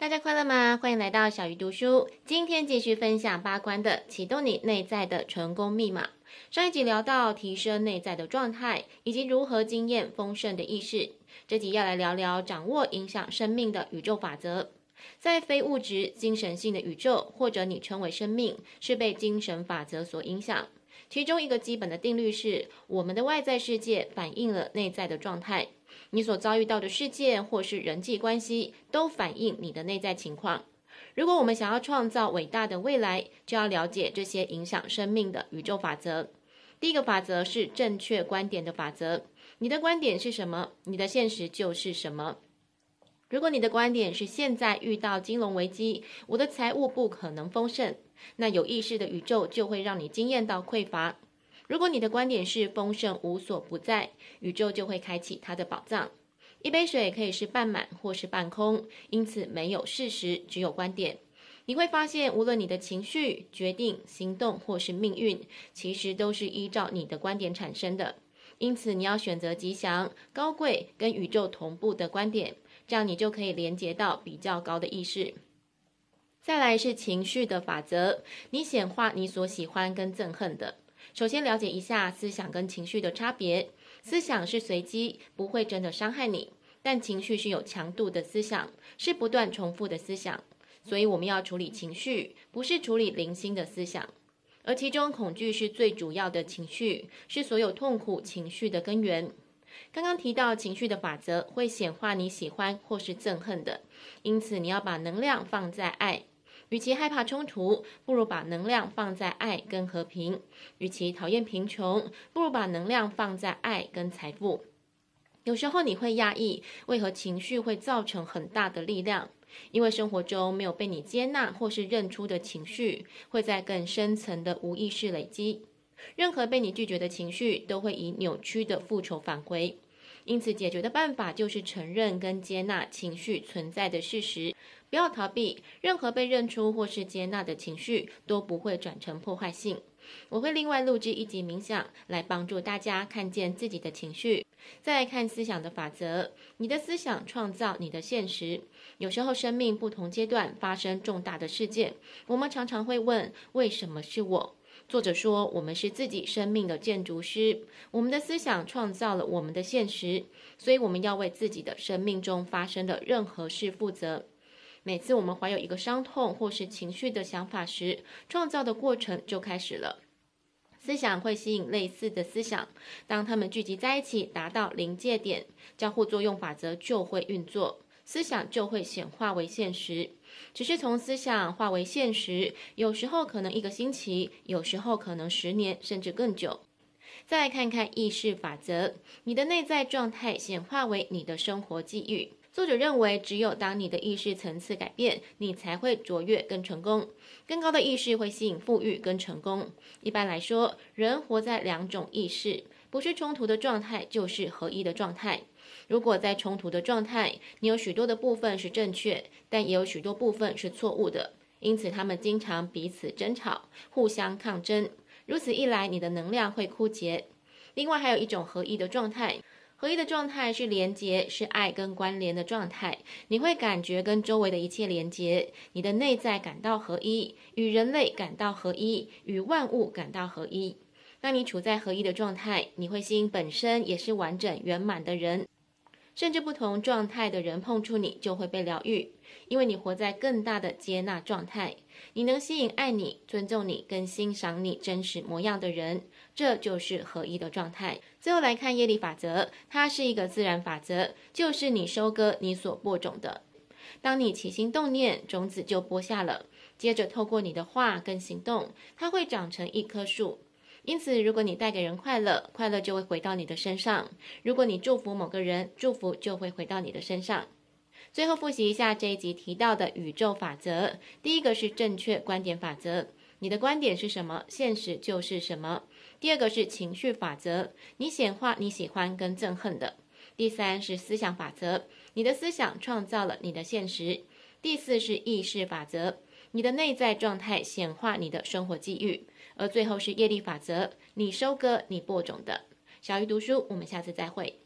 大家快樂嗎？歡迎來到小魚讀書。今天繼續分享巴觀的啟動你內在的成功密碼。上一集聊到提升內在的狀態，以及如何經驗豐盛的意識。這集要來聊聊掌握影響生命的宇宙法則。在非物質，精神性的宇宙，或者你稱為生命，是被精神法則所影響。其中一個基本的定律是，我們的外在世界反映了內在的狀態。你所遭遇到的事件或是人際關係，都反映你的內在情況。如果我們想要創造偉大的未來，就要了解這些影響生命的宇宙法則。第一個法則是正確觀點的法則。你的觀點是什麼，你的現實就是什麼。如果你的觀點是現在遇到金融危機，我的財務不可能豐盛，那有意識的宇宙就會讓你經驗到匱乏。如果你的觀點是豐盛無所不在，宇宙就會開啟它的寶藏。一杯水可以是半滿或是半空，因此沒有事實，只有觀點。你會發現，無論你的情緒、決定、行動或是命運，其實都是依照你的觀點產生的。因此，你要選擇吉祥、高貴、跟宇宙同步的觀點。這樣你就可以連接到比較高的意識。再來是情緒的法則，你顯化你所喜歡跟憎恨的。首先了解一下思想跟情緒的差別。思想是隨機，不會真的傷害你；但情緒是有強度的思想，是不斷重複的思想。所以我們要處理情緒，不是處理零星的思想。而其中恐懼是最主要的情緒，是所有痛苦情緒的根源。剛剛提到情緒的法則會顯化你喜歡或是憎恨的，因此你要把能量放在愛。與其害怕衝突，不如把能量放在愛跟和平。與其討厭貧窮，不如把能量放在愛跟財富。有時候你會訝異，為何情緒會造成很大的力量？因為生活中沒有被你接納或是認出的情緒，會在更深層的無意識累積。任何被你拒絕的情緒，都會以扭曲的復仇返回。因此，解決的辦法就是承認跟接納情緒存在的事實，不要逃避。任何被認出或是接納的情緒，都不會轉成破壞性。我會另外錄製一集冥想，來幫助大家看見自己的情緒。再來看思想的法則，你的思想創造你的現實。有時候，生命不同階段發生重大的事件，我們常常會問：為什麼是我？作者說：“我們是自己生命的建築師，我們的思想創造了我們的現實，所以我們要為自己的生命中發生的任何事負責。每次我們懷有一個傷痛或是情緒的想法時，創造的過程就開始了。思想會吸引類似的思想，當它們聚集在一起達到臨界點，交互作用法則就會運作。”思想就會顯化為現實，只是從思想化為現實，有時候可能一個星期，有時候可能十年，甚至更久。再來看看意識法則，你的內在狀態顯化為你的生活際遇。作者認為，只有當你的意識層次改變，你才會卓越、更成功。更高的意識會吸引富裕跟成功。一般來說，人活在兩種意識。不是衝突的狀態，就是合一的狀態。如果在衝突的狀態，你有許多的部分是正確，但也有許多部分是錯誤的，因此他們經常彼此爭吵，互相抗爭。如此一來，你的能量會枯竭。另外，還有一種合一的狀態，合一的狀態是連接，是愛跟關聯的狀態。你會感覺跟周圍的一切連接，你的內在感到合一，與人類感到合一，與萬物感到合一。當你處在合一的狀態，你會吸引本身也是完整圓滿的人，甚至不同狀態的人碰觸你就會被療癒，因為你活在更大的接納狀態，你能吸引愛你、尊重你跟欣賞你真實模樣的人，這就是合一的狀態。最後來看業力法則，它是一個自然法則，就是你收割你所播種的。當你起心動念，種子就播下了，接着透過你的話跟行動，它會長成一棵樹。因此，如果你帶給人快樂，快樂就會回到你的身上；如果你祝福某個人，祝福就會回到你的身上。最後複習一下這一集提到的宇宙法則：第一個是正確觀點法則，你的觀點是什麼，現實就是什麼；第二個是情緒法則，你顯化你喜歡跟憎恨的；第三是思想法則，你的思想創造了你的現實；第四是意識法則。你的內在狀態顯化你的生活際遇，而最後是業力法則，你收割，你播種的。小魚讀書，我們下次再會。